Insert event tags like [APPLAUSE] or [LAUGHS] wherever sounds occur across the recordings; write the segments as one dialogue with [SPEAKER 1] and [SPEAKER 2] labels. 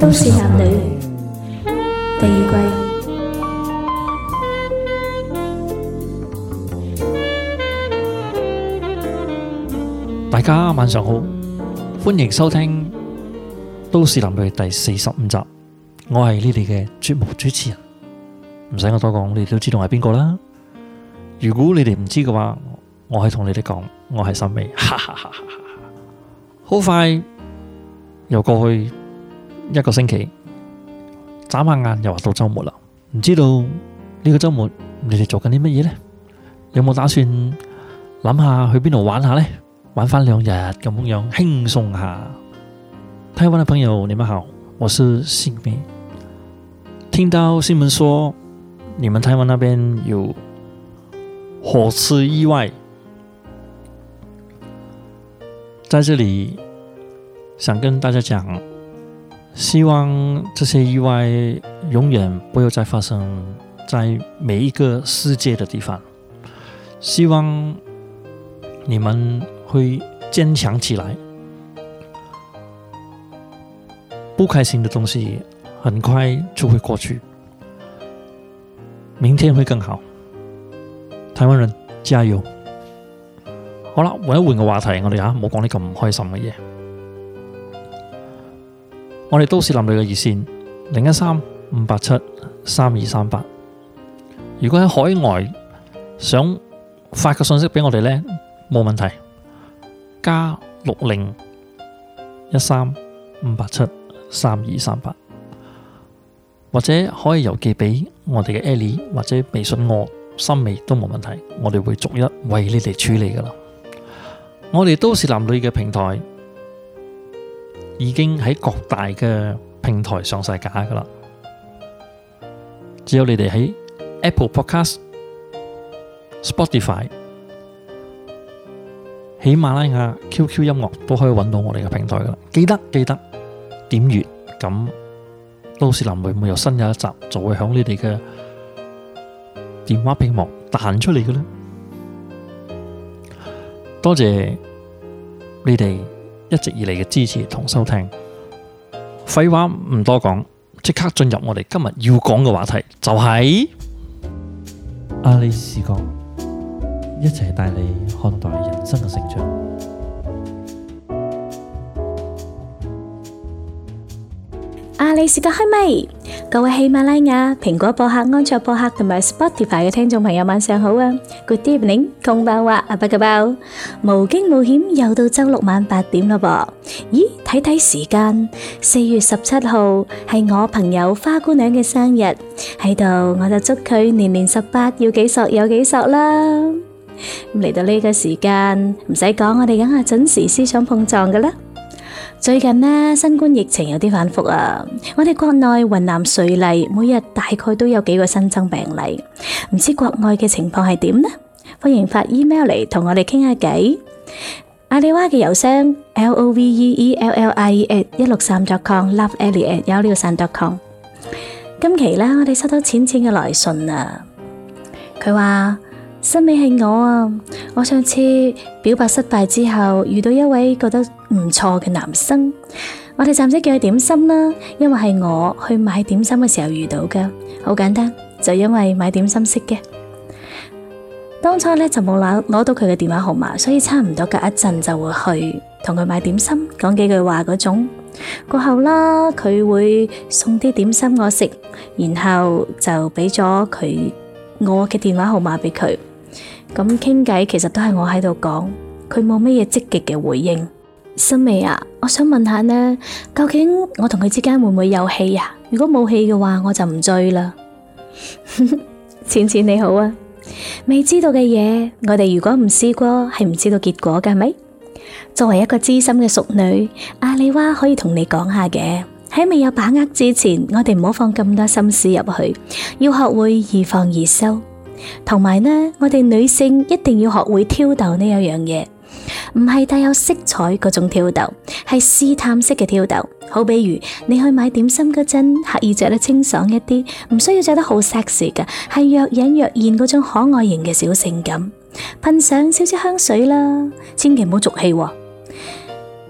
[SPEAKER 1] 都市男女第二季，
[SPEAKER 2] 大家晚上好，歡迎收聽《都市男女》第四十五集。我係你哋嘅節目主持人，唔使我多講，你哋都知道係邊個啦。如果你哋唔知嘅話，我係同你哋講，我係森美，好 [LAUGHS] 快又過去。一個星期眨下眼又話到周末啦，唔知道呢個周末你哋做緊啲乜嘢呢？有冇打算諗下去邊度玩下呢？玩翻兩日咁樣輕鬆下。台灣嘅朋友你們好，我是森美。聽到新聞說你們台灣那邊有火車意外，在這裏想跟大家講。希望這些意外永遠不要再發生在每一個世界的地方。希望你們會堅強起來，不開心的東西很快就會過去，明天會更好。台灣人加油！好啦，我要換個話題，啊，我哋啊冇講啲咁唔開心嘅嘢。我哋都市男女嘅熱線零一三五八七三二三八，如果喺海外想發個信息俾我哋咧，冇問題，加六零一三五八七三二三八，或者可以郵寄俾我哋嘅 Ellie，或者微信我森美都冇問題，我哋會逐一為你哋處理㗎啦。我哋都市男女嘅平台。已經喺各大嘅平台上晒架㗎喇，只有你哋喺 Apple Podcast、Spotify、喜馬拉雅、QQ 音樂都可以揾到我哋嘅平台㗎喇。記得記得點閱，咁都市男女會不會有新嘅一集就會響你哋嘅電話屏幕彈出嚟嘅咧。多謝你哋。一直以嚟嘅支持同收聽，廢話唔多講，即刻進入我哋今日要講嘅話題，就是，就係阿里視角，一齊帶你看待人生嘅成長。
[SPEAKER 1] 係時間開咪？各位喜馬拉雅、蘋果播客、安卓播客同埋 Spotify 嘅聽眾朋友，晚上好啊！Good evening，公包話阿伯嘅包，無驚無險又到周六晚八點喇噃。咦，睇睇時間，四月十七號係我朋友花姑娘嘅生日，喺度我就祝佢年年十八，要幾索有幾索啦。嚟到呢個時間，唔使講，我哋梗係準時思想碰撞㗎啦。最近咧，新冠疫情有啲反復啊，我哋國內雲南瑞麗每日大概都有幾個新增病例，唔知國外嘅情況係點呢？歡迎發 email 嚟同我哋傾下偈。阿里娃嘅郵箱 l o v e e l l i at 一六三 dot com love ellie at 幺六三 dot com。今期咧，我哋收到淺淺嘅來信啊。佢話，森美係我啊！我上次表白失敗之後，遇到一位覺得唔錯嘅男生，我哋暫時叫佢點心啦，因為係我去買點心嘅時候遇到嘅，好簡單就因為買點心識嘅。當初呢，就冇攞攞到佢嘅電話號碼，所以差唔多隔一陣就會去同佢買點心，講幾句話嗰種。過後啦，佢會送啲點，點心我食，然後就畀咗佢我嘅電話號碼畀佢咁傾偈。其實都係我喺度講，佢冇乜嘢積極嘅回應。森美啊！我想問下呢，究竟我同佢之間會唔會有戲啊？如果冇戲嘅話，我就唔追啦。淺 [LAUGHS] 淺你好啊，未知道嘅嘢，我哋如果唔試過，係唔知道結果噶，咪？作為一個資深嘅熟女，阿里娃可以同你講下嘅，喺未有把握之前，我哋唔好放咁多心思入去，要學會易放易收。同埋呢，我哋女性一定要學會挑逗呢一樣嘢。唔係帶有色彩嗰種挑逗，係試探式嘅挑逗。好，比如你去買點心嗰陣，刻意着得清爽一啲，唔需要着得好 sexy 嘅，係若隱若現嗰種可愛型嘅小性感。噴上少少香水啦，千祈唔好俗氣喎。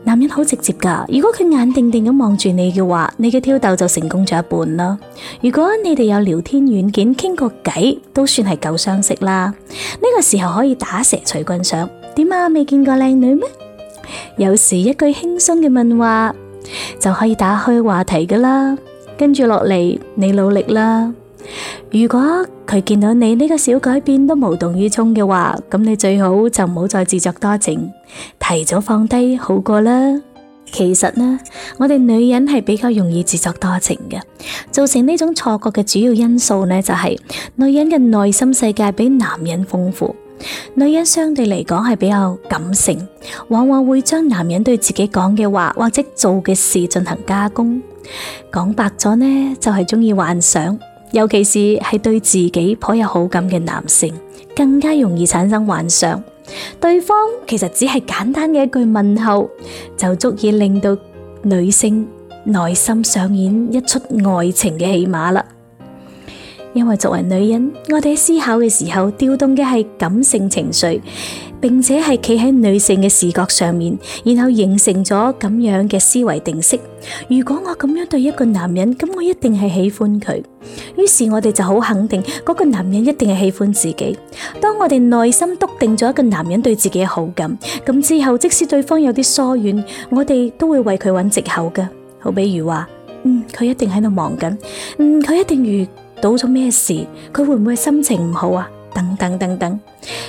[SPEAKER 1] 男人好直接噶如果佢眼定定咁望住你嘅話，你嘅挑逗就成功咗一半啦。如果你哋有聊天軟件傾過偈，都算係舊相識啦。呢個時候可以打蛇隨棍上，點啊，未見過靚女咩？有時一句輕鬆嘅問話就可以打開話題噶啦，跟住落嚟你努力啦。如果佢見到你呢個小改變都無動於衷嘅話，咁你最好就唔好再自作多情，提早放低好過啦。其實呢，我哋女人係比較容易自作多情嘅，造成呢種錯覺嘅主要因素呢就係女人嘅內心世界比男人豐富，女人相對嚟講係比較感性，往往會將男人對自己講嘅話或者做嘅事進行加工。講白咗呢，就係中意幻想。尤其是係對自己頗有好感嘅男性，更加容易產生幻想。對方其實只係簡單嘅一句問候，就足以令到女性內心上演一出愛情嘅戲碼啦。因為作為女人，我哋喺思考嘅時候，調動嘅係感性情緒。並且係企喺女性嘅視角上面，然後形成咗咁樣嘅思維定式。如果我咁樣對一個男人，咁我一定係喜歡佢。於是我哋就好肯定嗰個男人一定係喜歡自己。當我哋內心篤定咗一個男人對自己嘅好感，咁之後即使對方有啲疏遠，我哋都會為佢揾藉口㗎。好，比如話，嗯，佢一定喺度忙緊，嗯，佢一定遇到咗咩事，佢會唔會心情唔好啊？等等等等，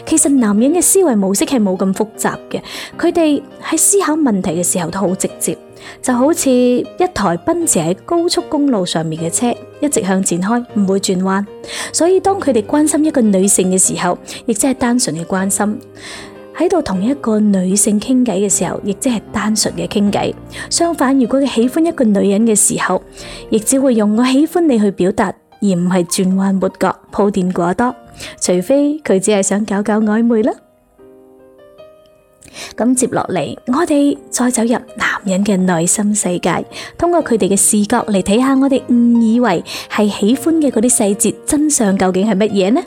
[SPEAKER 1] 其實男人嘅思維模式係冇咁複雜嘅。佢哋喺思考問題嘅時候都好直接，就好似一台奔馳喺高速公路上面嘅車，一直向前開，唔會轉彎。所以當佢哋關心一個女性嘅時候，亦即係單純嘅關心；喺度同一個女性傾偈嘅時候，亦即係單純嘅傾偈。相反，如果佢喜歡一個女人嘅時候，亦只會用我喜歡你去表達，而唔係轉彎抹角鋪墊過多。除非佢只係想搞搞曖昧啦，咁接落嚟，我哋再走入男人嘅內心世界，通過佢哋嘅視角嚟睇下，我哋誤以為係喜歡嘅嗰啲細節，真相究竟係乜嘢呢？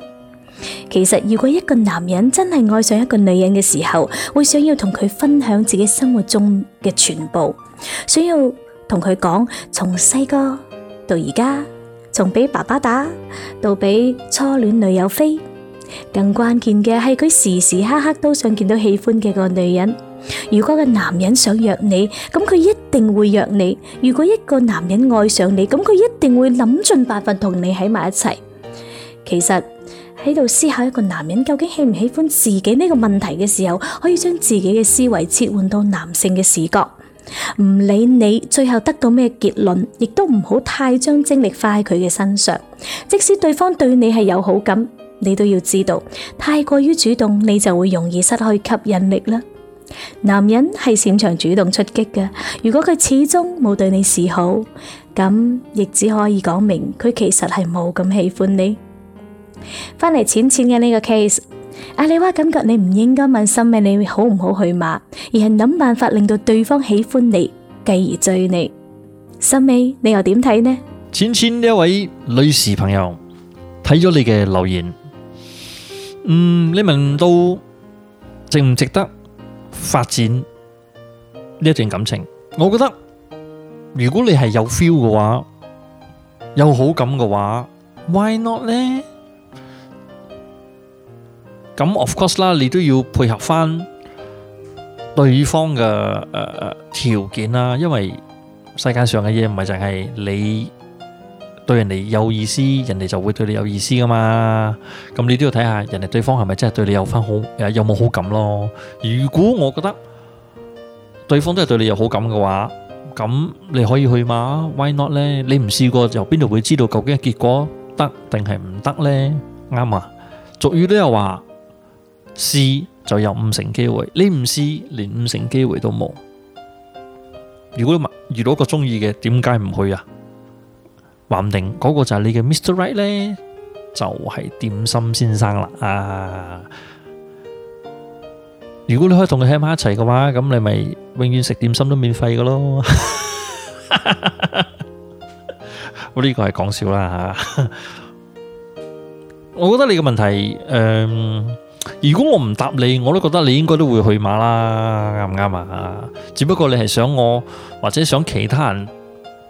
[SPEAKER 1] 其實，如果一個男人真係愛上一個女人嘅時候，會想要同佢分享自己生活中嘅全部，想要同佢講從細個到而家。從俾爸爸打到俾初戀女友飛，更關鍵嘅係佢時時刻刻都想見到喜歡嘅個女人。如果個男人想約你，咁佢一定會約你；如果一個男人愛上你，咁佢一定會諗盡辦法同你喺埋一齊。其實喺度思考一個男人究竟喜唔喜歡自己呢個問題嘅時候，可以將自己嘅思維切換到男性嘅視角。唔理你最後得到咩結論，亦都唔好太將精力花喺佢嘅身上。即使對方對你係有好感，你都要知道，太過於主動，你就會容易失去吸引力啦。男人係擅長主動出擊嘅，如果佢始終冇對你示好，咁亦只可以講明佢其實係冇咁喜歡你。翻嚟淺淺嘅呢個 case。阿里娃感覺你唔應該問森美你好唔好去馬，而係諗辦法令到對方喜歡你，繼而追你。森美，你又點睇呢？
[SPEAKER 2] 淺淺呢位女士朋友睇咗你嘅留言，嗯，你問到值唔值得發展呢一段感情？我覺得如果你係有 feel 嘅話，有好感嘅話，why not 呢？咁 of course 啦，你都要配合翻對方嘅誒誒條件啦。因為世界上嘅嘢唔係淨係你對人哋有意思，人哋就會對你有意思噶嘛。咁你都要睇下人哋對方係咪真係對你有翻好有有冇好感咯。如果我覺得對方都係對你有好感嘅話，咁你可以去嘛？Why not 咧？你唔試過由邊度會知道究竟嘅結果得定係唔得咧？啱啊，俗語都有話。試就有五成機會，你唔試連五成機會都冇。如果你遇到個中意嘅，點解唔去啊？話唔定嗰個就係你嘅 Mr. Right 咧，就係點心先生啦啊！如果你可以同佢喺埋一齊嘅話，咁你咪永遠食點心都免費嘅咯。我呢個係講笑啦吓，我覺得你嘅問題，誒。如果我唔答你，我都覺得你應該都會去馬啦，啱唔啱啊？只不過你係想我，或者想其他人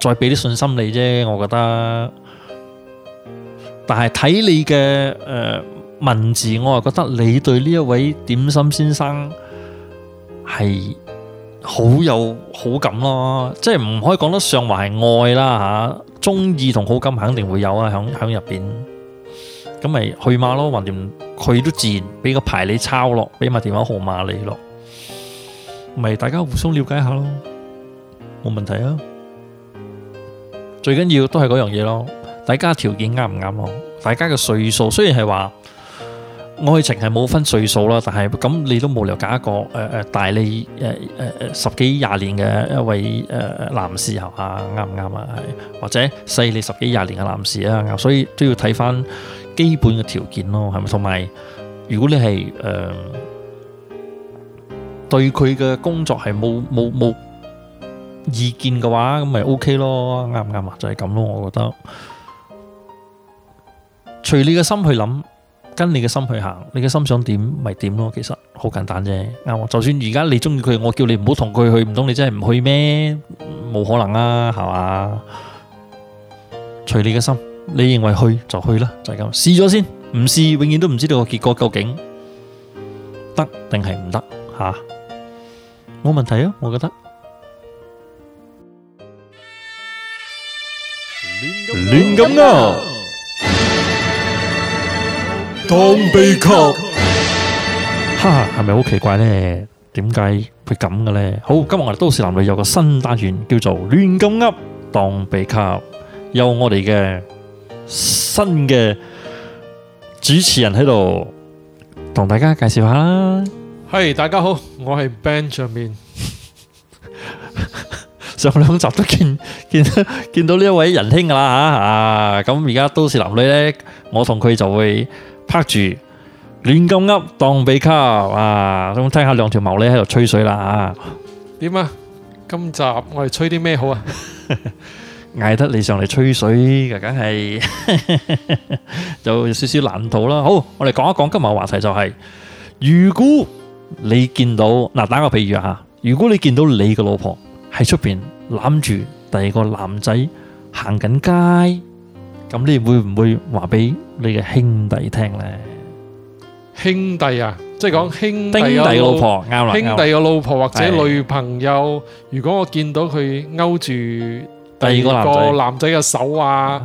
[SPEAKER 2] 再俾啲信心你啫，我覺得。但係睇你嘅誒、呃、文字，我就覺得你對呢一位點心先生係好有好感咯，即係唔可以講得上話係愛啦吓，中意同好感肯定會有啊，響響入邊。咁咪去馬咯，橫掂佢都自然俾個牌你抄落，俾埋電話號碼你咯，咪大家互相了解下咯，冇問題啊。最緊要都係嗰樣嘢咯，大家條件啱唔啱咯？大家嘅歲數雖然係話愛情係冇分歲數啦，但係咁你都冇理由揀一個誒誒、呃、大你誒誒誒十幾廿年嘅一位誒、呃、男士係嘛，啱唔啱啊？對對？或者細你十幾廿年嘅男士啊，所以都要睇翻。基本嘅條件咯，係咪？同埋如果你係誒對佢嘅工作係冇冇冇意見嘅話，咁咪 OK 咯，啱唔啱啊？就係咁咯，我覺得隨你嘅心去諗，跟你嘅心去行，你嘅心想點咪點咯，其實好簡單啫，啱啊！就算而家你中意佢，我叫你唔好同佢去，唔通你真係唔去咩？冇可能啊，係嘛？隨你嘅心。你認為去就去啦，就係、是、咁，試咗先，唔試永遠都唔知道個結果究竟得定係唔得吓，冇、啊、問題啊，我覺得。
[SPEAKER 3] 亂咁噏，當秘笈，
[SPEAKER 2] [NOISE] 哈，哈，係咪好奇怪呢？點解會咁嘅咧？好，今日我哋都市男女有個新單元叫做《亂咁噏當秘笈》，有我哋嘅。新嘅主持人喺度同大家介紹下啦。
[SPEAKER 3] 係、hey, 大家好，我係 Ben [LAUGHS] 上面
[SPEAKER 2] 上兩集都見見到呢一位仁兄噶啦吓啊！咁而家都市男女咧，我同佢就會拍住亂咁噏當比卡啊！咁聽下兩條毛咧喺度吹水啦啊！
[SPEAKER 3] 點啊？今集我哋吹啲咩好啊？ [LAUGHS] 嗌
[SPEAKER 2] 得你上嚟吹水嘅，梗係就有少少難度啦。好，我哋講一講今日嘅話題就係：如果你見到嗱，打個比喻啊，如果你見到你嘅老婆喺出邊攬住第二個男仔行緊街，咁你會唔會話俾你嘅兄弟聽咧？
[SPEAKER 3] 兄弟啊，即係講兄弟嘅老婆，啱啦，兄弟嘅老婆或者女朋友，如果我見到佢勾住。第二個男仔嘅手啊，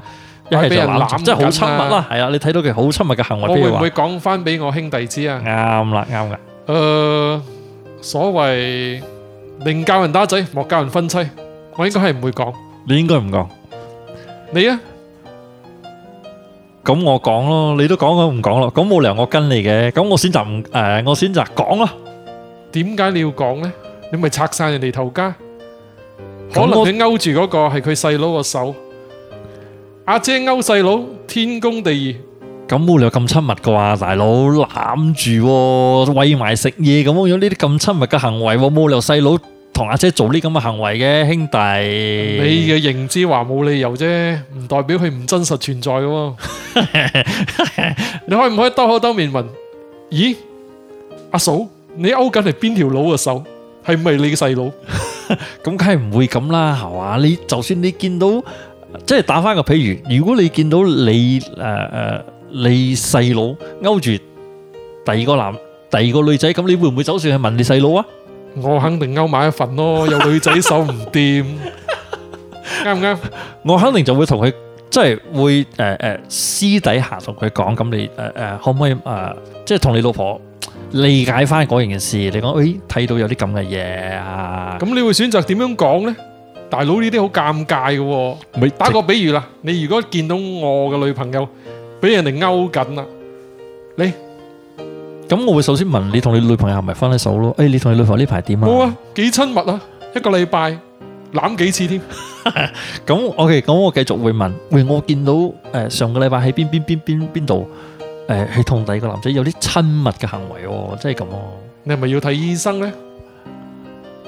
[SPEAKER 3] 又俾人攬，真係好親密啦。係
[SPEAKER 2] 啊，你睇到佢好親密嘅行為。我會唔會
[SPEAKER 3] 講翻俾我兄弟知啊？啱啦，啱啦。誒，所謂寧教人打仔，莫教人分妻，我應該係唔會講。你應該唔講。你啊，咁我講咯，你都講，我唔講咯。咁冇理由，我跟你嘅，咁我選擇唔誒，我選擇講咯。點解你要講咧？你咪拆晒人哋頭家。可能你勾住嗰個係佢細佬個手，阿姐勾細佬，天公地義。
[SPEAKER 2] 咁冇理由咁親密噶哇，大佬攬住喂埋食嘢咁樣呢啲咁親密嘅行為，冇理由細佬同阿姐做呢咁嘅行為嘅，兄弟。你
[SPEAKER 3] 嘅認知話冇理由啫，唔代表佢唔真實存在嘅。你可唔可以兜口兜面問？咦，阿嫂，你勾緊係邊條佬嘅手？係咪你嘅細佬？咁梗係唔會咁啦，係嘛？你就算你見到，
[SPEAKER 2] 即係打翻個譬如，如果你見到你誒誒你細佬勾住第二個男，第二個女仔，咁你會唔會走上去問你細佬啊？我肯定勾埋一份咯，有女仔手唔掂，
[SPEAKER 3] 啱唔啱？
[SPEAKER 2] 我肯定就會同佢，即係會誒誒私底下同佢講，咁你誒誒可唔可以誒，即係同你老婆？理解翻嗰件事，你講誒，睇到有啲咁嘅
[SPEAKER 3] 嘢啊，咁你會選擇點樣講咧？大佬，呢啲好尷尬嘅，咪打個比喻啦，你如果見到我嘅女朋友俾人哋勾緊啦，
[SPEAKER 2] 你咁我會首先問你同你女朋友係咪分咗手咯？誒，你同你女朋友呢排點啊？冇
[SPEAKER 3] 啊，幾親密啊，一個禮拜攬幾次添。
[SPEAKER 2] 咁 OK，咁我繼續會問，喂，我見到誒上個禮拜喺邊邊邊邊邊度？誒，佢同第二個男仔有啲親密嘅行為喎，即係咁咯。
[SPEAKER 3] 你係咪要睇醫生咧？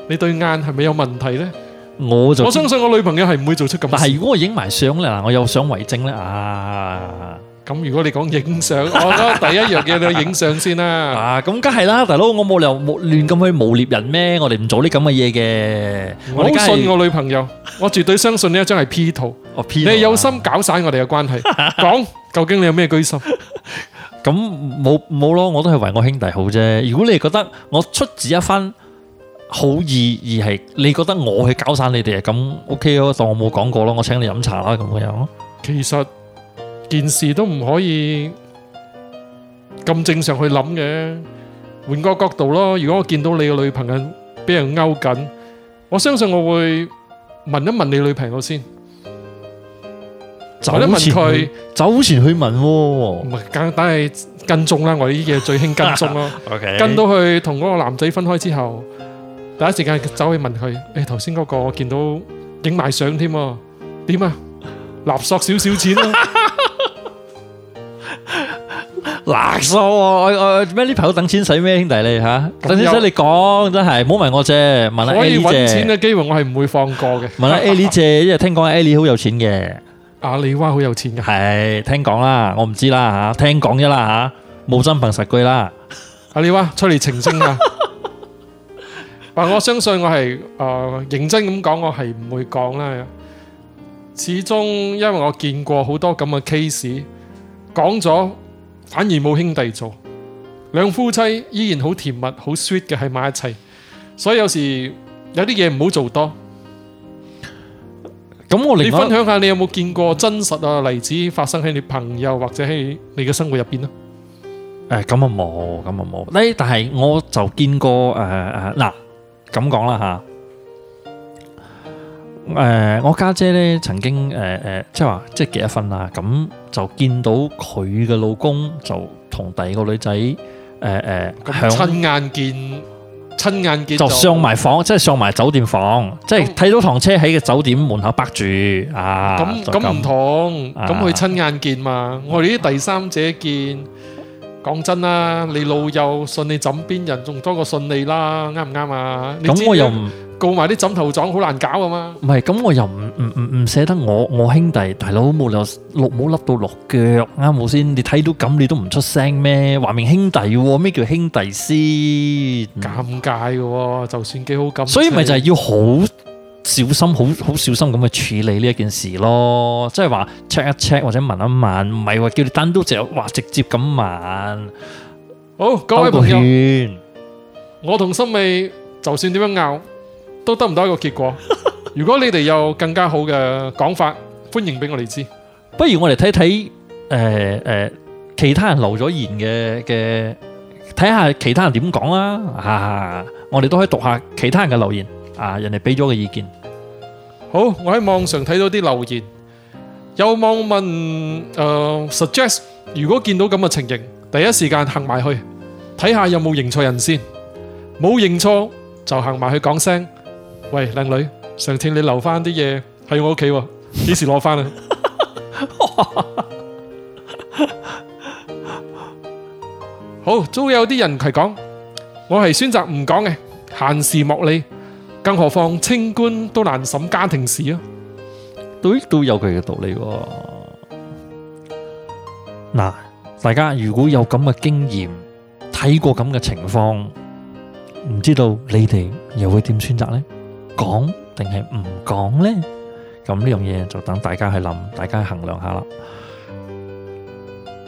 [SPEAKER 3] 你對眼係咪有問題咧？我就我相信我女朋友係唔會做出咁，但係如果我影埋相咧，嗱，我有相為證咧啊！咁如果你講影相，我第一樣嘢你影
[SPEAKER 2] 相先啦。啊，咁梗係啦，大佬，我冇理由冇亂咁去誣衊人咩？我哋唔做啲咁嘅嘢嘅。我信我
[SPEAKER 3] 女朋友，我絕對相信呢一張係 P 圖。你係有心搞散我哋嘅關係，講，究竟你有咩居心？咁
[SPEAKER 2] 冇冇咯，我都係為我兄弟好啫。如果你係覺得我出自一番好意，而係你覺得我去搞散你哋，咁 OK 咯，當我冇講過咯，我請你飲茶啦咁樣。
[SPEAKER 3] 其實件事都唔可以咁正常去諗嘅，換個角度咯。如果我見到你嘅女朋友俾人勾緊，我相信我會問一問你女朋友先。走前去，走前去問，唔係梗，梗係跟蹤啦，我呢啲嘢最興跟蹤咯。跟到佢同嗰個男仔分開之後，第一時間走去問佢，誒，頭先嗰個我見到影埋相添，點啊？勒索少少錢咯，
[SPEAKER 2] 勒索啊！我我咩呢朋友等錢使咩？兄弟你吓，等錢使你講真係唔好問我借啫。問下 Ellie 借，錢嘅
[SPEAKER 3] 機會我係唔會放過嘅。問下 Ellie
[SPEAKER 2] 借，因為聽講 Ellie 好有錢嘅。阿里娃好有錢㗎，係聽講啦，我唔知啦吓、啊，聽講啫啦吓，冇、啊、真憑實據啦。阿里娃出嚟澄清啊！
[SPEAKER 3] 但 [LAUGHS] 我相信我係誒、呃、認真咁講，我係唔會講啦。始終因為我見過好多咁嘅 case，講咗反而冇兄弟做，兩夫妻依然好甜蜜，好 sweet 嘅喺埋一齊，所以有時有啲嘢唔好做多。咁我嚟分享下，你有冇見過真實嘅例子發生喺你朋友或者喺你嘅生活入邊咧？
[SPEAKER 2] 誒、欸，咁啊冇，咁啊冇。咧，但係我就見過誒誒，嗱、呃，咁講啦吓。誒、啊，我家姐咧曾經誒誒，即係話即係結咗婚啦，咁就見到佢嘅老公就同第二個女仔，誒、呃、誒，親、啊、
[SPEAKER 3] 眼見。.親眼見就，就上
[SPEAKER 2] 埋房，即係上埋酒店房，嗯、即係睇到堂車喺個酒店門口泊住啊！咁咁唔
[SPEAKER 3] 同，咁佢親眼見嘛？啊、我哋啲第三者見，講、啊、真啦，你老友信你枕邊人，仲多過信你啦，啱唔啱啊？咁我又唔。告埋啲枕頭狀好難搞啊嘛！
[SPEAKER 2] 唔係咁，我又唔唔唔唔捨得我我兄弟大佬，冇理由六毛甩到落腳啱冇先，你睇到咁你都唔出聲咩？話明兄弟，咩叫兄弟先？尷尬嘅，就算
[SPEAKER 3] 幾好咁。所以咪就係
[SPEAKER 2] 要好小心，好好小心咁去處理呢一件事咯。即係話 check 一 check 或者問一問，唔係話叫你單刀直入直接咁問。
[SPEAKER 3] 好，各位朋友，Gu imizi 我同森美就算點樣拗，都得唔到一個結果。如果你哋有更加好嘅講法，歡迎俾我哋知。
[SPEAKER 2] 不如我哋睇睇誒誒，其他人留咗言嘅嘅，睇下其他人點講啦。我哋都可以讀下其
[SPEAKER 3] 他人嘅留言啊，人哋俾咗個意見。好，我喺網上睇到啲留言，有網民誒 suggest，如果見到咁嘅情形，第一時間行埋去睇下有冇認錯人先，冇認錯就行埋去講聲。喂，靚女，上次你留翻啲嘢喺我屋企，幾時攞翻啊？好，早有啲人佢講，我係選擇唔講嘅，閒事莫理，更何況清官都難審家庭事啊！都都有
[SPEAKER 2] 佢嘅道理。嗱，大家如果有咁嘅經驗，睇過咁嘅情況，唔知道你哋又會點選擇呢？講定係唔講呢？咁呢樣嘢，就等大家去諗，大家衡量下啦。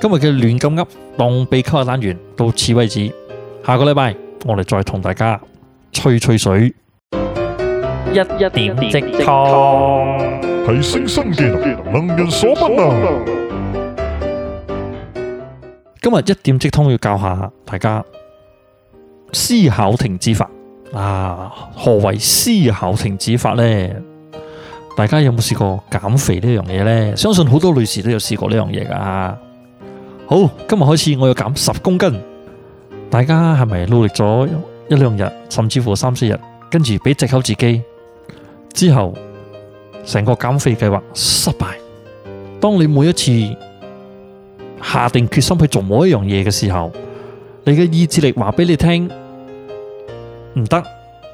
[SPEAKER 2] 今日嘅亂咁噏，當秘笈嘅單元到此為止。下個禮拜我哋再同大家吹吹水，一一點點即通。今日一點即通要教下大家思考停止法。啊，何為思考停止法呢？大家有冇試過減肥呢樣嘢呢？相信好多女士都有試過呢樣嘢㗎。好，今日開始我要減十公斤，大家係咪努力咗一兩日，甚至乎三四日，跟住俾藉口自己之後，成個減肥計劃失敗。當你每一次下定決心去做某一樣嘢嘅時候，你嘅意志力話俾你聽。唔得，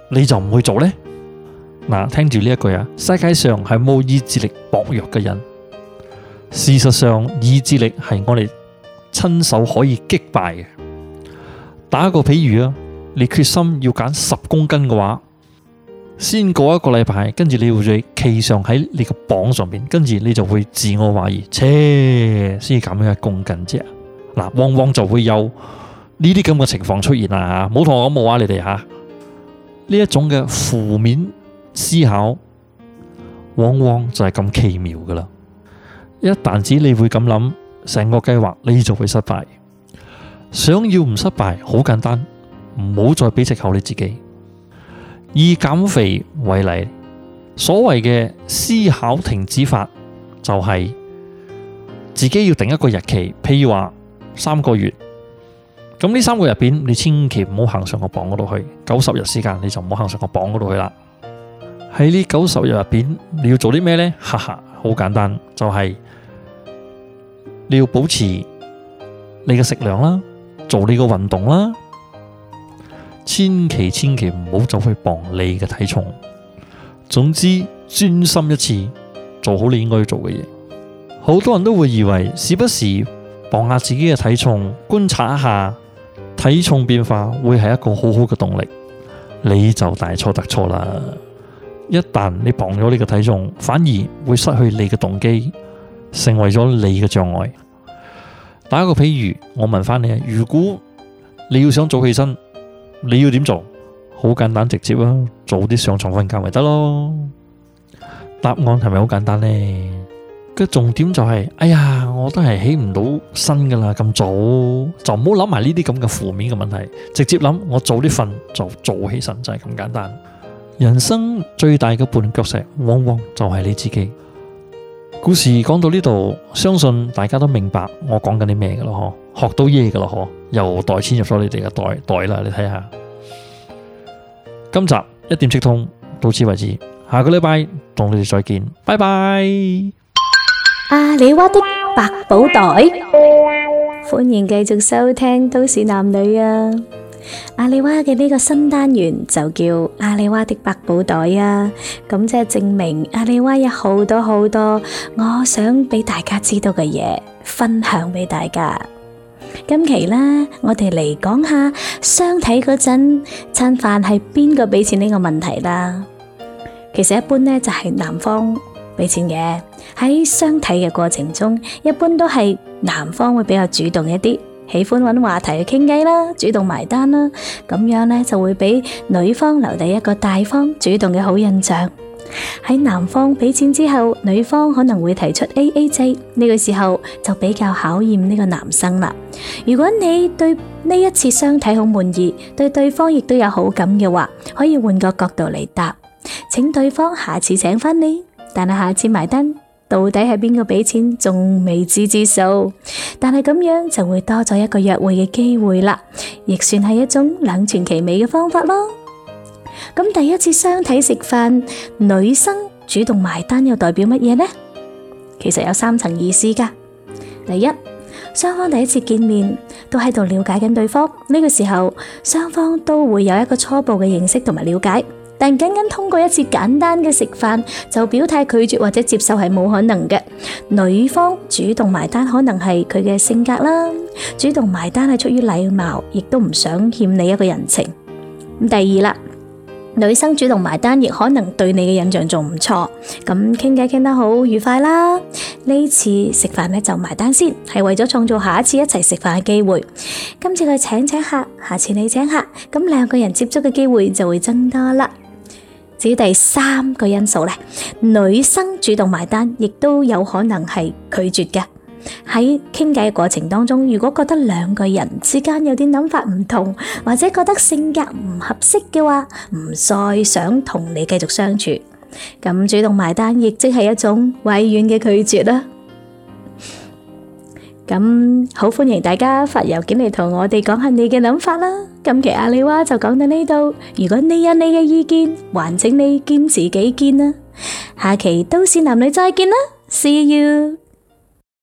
[SPEAKER 2] 你就唔去做呢？嗱，聽住呢一句啊，世界上係冇意志力薄弱嘅人。事實上，意志力係我哋親手可以擊敗嘅。打一個比喻啊，你決心要減十公斤嘅話，先過一個禮拜，跟住你會再企上喺你個榜上邊，跟住你就會自我懷疑，切，先減一公斤啫。嗱，往往就會有呢啲咁嘅情況出現啊。冇同我講冇啊，你哋吓、啊。呢一種嘅負面思考，往往就係咁奇妙㗎喇！一旦子你會咁諗，成個計劃你就會失敗。想要唔失敗，好簡單，唔好再俾藉口你自己。以減肥為例，所謂嘅思考停止法就係自己要定一個日期，譬如話三個月。咁呢三個入邊，你千祈唔好行上個磅嗰度去。九十日時間，你就唔好行上個磅嗰度去啦。喺呢九十日入邊，你要做啲咩咧？哈哈，好簡單，就係你要保持你嘅食量啦，做你嘅運動啦，千祈千祈唔好走去磅你嘅體重。總之，專心一次，做好你應該要做嘅嘢。好多人都會以為，時不時磅下自己嘅體重，觀察一下。體重變化會係一個好好嘅動力，你就大錯特錯啦。一旦你磅咗你個體重，反而會失去你嘅動機，成為咗你嘅障礙。打一個譬如，我問翻你，如果你要想早起身，你要點做？好簡單直接啊，早啲上床瞓覺咪得咯。答案係咪好簡單呢？個重點就係，哎呀，我都係起唔到身噶啦，咁早就唔好諗埋呢啲咁嘅負面嘅問題，直接諗我早啲瞓就早起身，就係咁簡單。人生最大嘅絆腳石，往往就係你自己。故事講到呢度，相信大家都明白我講緊啲咩嘅咯，嗬，學到嘢嘅咯，嗬，又袋錢入咗你哋嘅袋袋啦。你睇下，今集一點即通到此為止，下個禮拜同你哋再見，
[SPEAKER 1] 拜拜。阿里娃的百寶袋，歡迎繼續收聽都市男女啊！阿里娃嘅呢個新單元就叫阿里娃的百寶袋啊！咁即係證明阿里娃有好多好多，我想俾大家知道嘅嘢分享俾大家。今期咧，我哋嚟講下相睇嗰陣餐飯係邊個畀錢呢個問題啦。其實一般咧就係、是、男方。俾錢嘅。喺相睇嘅過程中，一般都係男方會比較主動一啲，喜歡揾話題去傾偈啦，主動埋單啦，咁樣呢，就會俾女方留底一個大方主動嘅好印象。喺男方俾錢之後，女方可能會提出 A A 制，呢個時候就比較考驗呢個男生啦。如果你對呢一次相睇好滿意，對對方亦都有好感嘅話，可以換個角度嚟答，請對方下次請翻你。但係下次埋單到底係邊個俾錢，仲未知之數。但係咁樣就會多咗一個約會嘅機會啦，亦算係一種兩全其美嘅方法咯。咁第一次相睇食飯，女生主動埋單又代表乜嘢呢？其實有三層意思噶。第一，雙方第一次見面都喺度了解緊對方，呢、這個時候雙方都會有一個初步嘅認識同埋了解。但僅僅通過一次簡單嘅食飯就表態拒絕或者接受係冇可能嘅。女方主動埋單可能係佢嘅性格啦，主動埋單係出於禮貌，亦都唔想欠你一個人情。咁第二啦，女生主動埋單亦可能對你嘅印象仲唔錯，咁傾偈傾得好愉快啦。呢次食飯咧就埋單先，係為咗創造下一次一齊食飯嘅機會。今次佢請請客，下次你請客，咁兩個人接觸嘅機會就會增多啦。至於第三個因素咧，女生主動買單，亦都有可能係拒絕嘅。喺傾偈嘅過程當中，如果覺得兩個人之間有啲諗法唔同，或者覺得性格唔合適嘅話，唔再想同你繼續相處，咁主動埋單亦即係一種委婉嘅拒絕啦。咁好，歡迎大家發郵件嚟同我哋講下你嘅諗法啦。今期阿里娃就講到呢度，如果你有你嘅意見，還請你堅持己見啦。下期都市男女再見啦，See you。